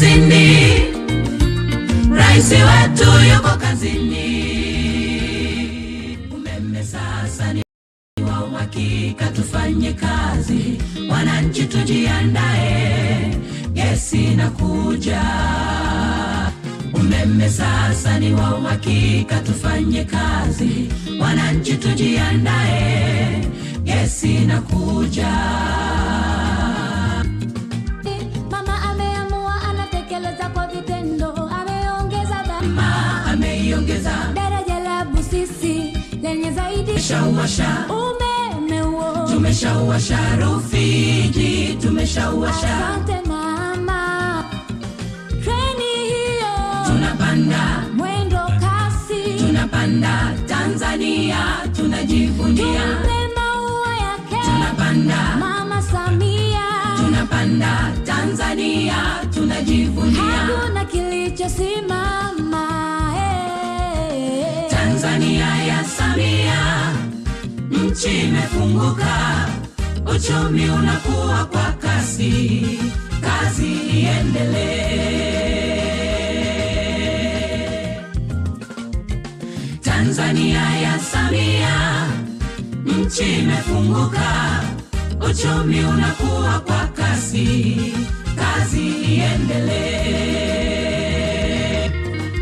kazini, raisi wetu yuko kazini. Umeme sasa ni wa uhakika, tufanye kazi wananchi, tujiandae, gesi kuja. Umeme sasa ni wa uhakika, tufanye kazi wananchi, tujiandae, gesi inakuja. tumeshauwasha umeme huo, tumeshauwasha Rufiji, tumeshauwasha. Asante mama, treni hiyo tunapanda mwendo kasi, tunapanda Tanzania, tunajivunia maua yake, tunapanda mama Samia, tunapanda Tanzania, tunajivunia hakuna kilichosimama. Hey, hey, hey. Tanzania ya Samia nchi imefunguka, uchumi unakuwa kwa kasi, kazi iendelee. Tanzania ya Samia, nchi imefunguka, uchumi unakuwa kwa kasi, kazi iendelee.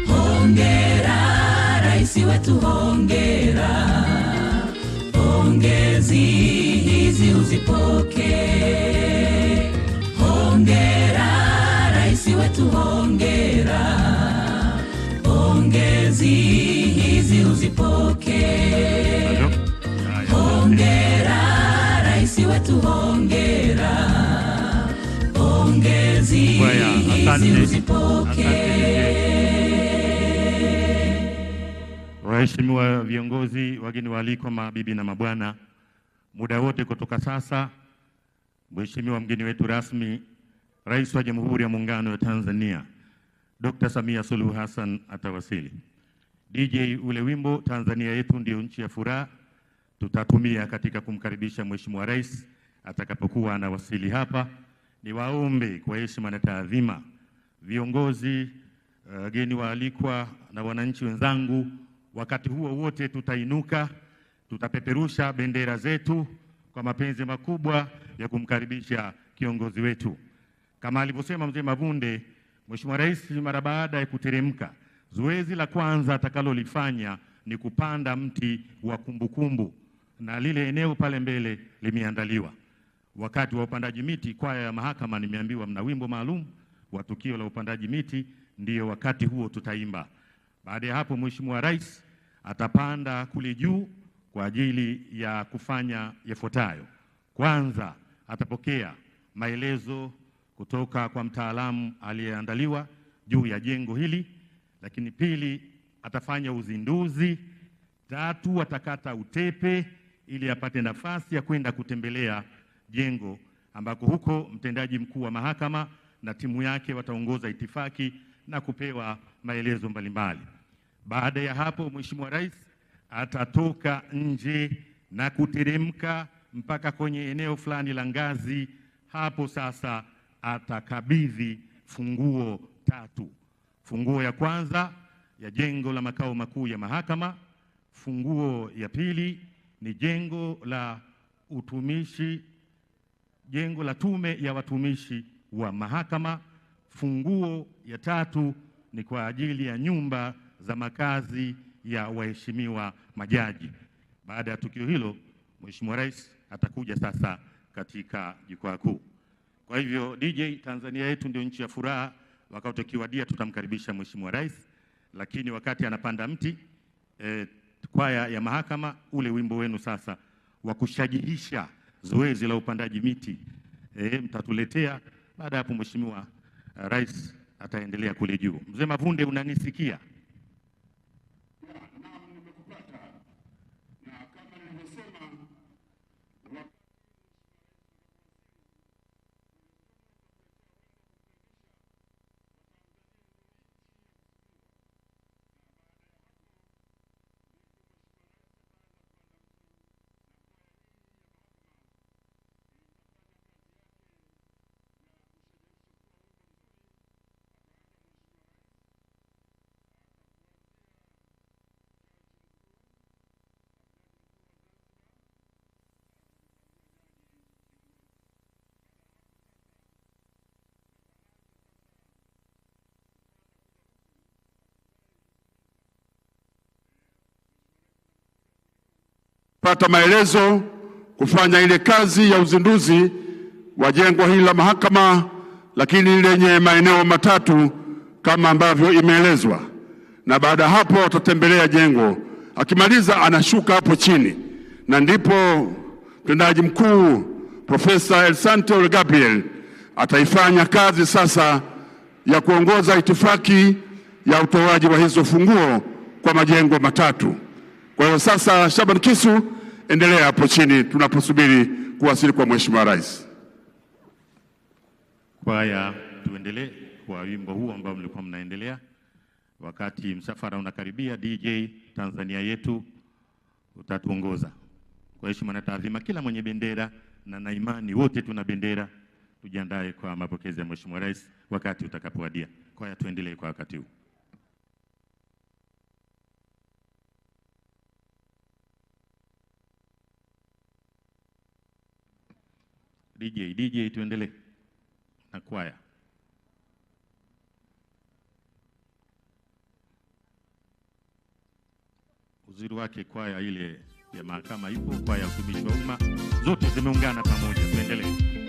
Hongera raisi wetu, hongera Pongezi hizi uzipokee. Hongera rais wetu, hongera. Pongezi hizi uzipokee. Hongera rais wetu, hongera. Pongezi hizi uzipokee. Waheshimiwa viongozi, wageni waalikwa, mabibi na mabwana, muda wote kutoka sasa, Mheshimiwa mgeni wetu rasmi, Rais wa Jamhuri ya Muungano wa Tanzania Dr. Samia Suluhu Hassan atawasili. DJ ule wimbo Tanzania yetu ndiyo nchi ya furaha tutatumia katika kumkaribisha Mheshimiwa Rais atakapokuwa anawasili hapa. Niwaombe kwa heshima na taadhima viongozi, eh, wageni uh, waalikwa na wananchi wenzangu Wakati huo wote tutainuka, tutapeperusha bendera zetu kwa mapenzi makubwa ya kumkaribisha kiongozi wetu. Kama alivyosema mzee Mavunde, Mheshimiwa Rais mara baada ya kuteremka, zoezi la kwanza atakalolifanya ni kupanda mti wa kumbukumbu kumbu, na lile eneo pale mbele limeandaliwa. Wakati wa upandaji miti, kwaya ya mahakama, nimeambiwa mna wimbo maalum wa tukio la upandaji miti, ndiyo wakati huo tutaimba. Baada ya hapo, Mheshimiwa Rais atapanda kule juu kwa ajili ya kufanya yafuatayo. Kwanza, atapokea maelezo kutoka kwa mtaalamu aliyeandaliwa juu ya jengo hili, lakini pili, atafanya uzinduzi. Tatu, atakata utepe ili apate nafasi ya kwenda kutembelea jengo ambako huko mtendaji mkuu wa mahakama na timu yake wataongoza itifaki na kupewa maelezo mbalimbali. Baada ya hapo, Mheshimiwa Rais atatoka nje na kuteremka mpaka kwenye eneo fulani la ngazi. Hapo sasa atakabidhi funguo tatu: funguo ya kwanza ya jengo la makao makuu ya mahakama, funguo ya pili ni jengo la utumishi, jengo la tume ya watumishi wa mahakama, funguo ya tatu ni kwa ajili ya nyumba za makazi ya waheshimiwa majaji. Baada ya tukio hilo, Mheshimiwa Rais atakuja sasa katika jukwaa kuu. Kwa hivyo, DJ, Tanzania yetu ndio nchi ya furaha. Wakati akiwadia, tutamkaribisha Mheshimiwa Rais, lakini wakati anapanda mti e, kwaya ya mahakama, ule wimbo wenu sasa wa kushajihisha zoezi la upandaji miti e, mtatuletea baada ya hapo. Mheshimiwa eh, Rais ataendelea kule juu. Mzee Mavunde, unanisikia? kupata maelezo, kufanya ile kazi ya uzinduzi wa jengo hili la mahakama, lakini lenye maeneo matatu kama ambavyo imeelezwa, na baada ya hapo atatembelea jengo. Akimaliza anashuka hapo chini, na ndipo mtendaji mkuu Profesa Elsante Ole Gabriel ataifanya kazi sasa ya kuongoza itifaki ya utoaji wa hizo funguo kwa majengo matatu. Kwa hiyo sasa, Shaban Kisu endelea hapo chini tunaposubiri kuwasili kwa Mheshimiwa Rais. Kwaya, tuendelee kwa wimbo huu ambao mlikuwa mnaendelea wakati msafara unakaribia. DJ Tanzania yetu utatuongoza kwa heshima na taadhima. Kila mwenye bendera na na imani, wote tuna bendera. Tujiandae kwa mapokezi ya Mheshimiwa Rais wakati utakapowadia. Kwaya, tuendelee kwa wakati huu. DJ, DJ tuendele na kwaya. Uzuri wake kwaya ile ya mahakama ipo, kwaya ya utumishi wa umma zote zimeungana pamoja. Tuendelee.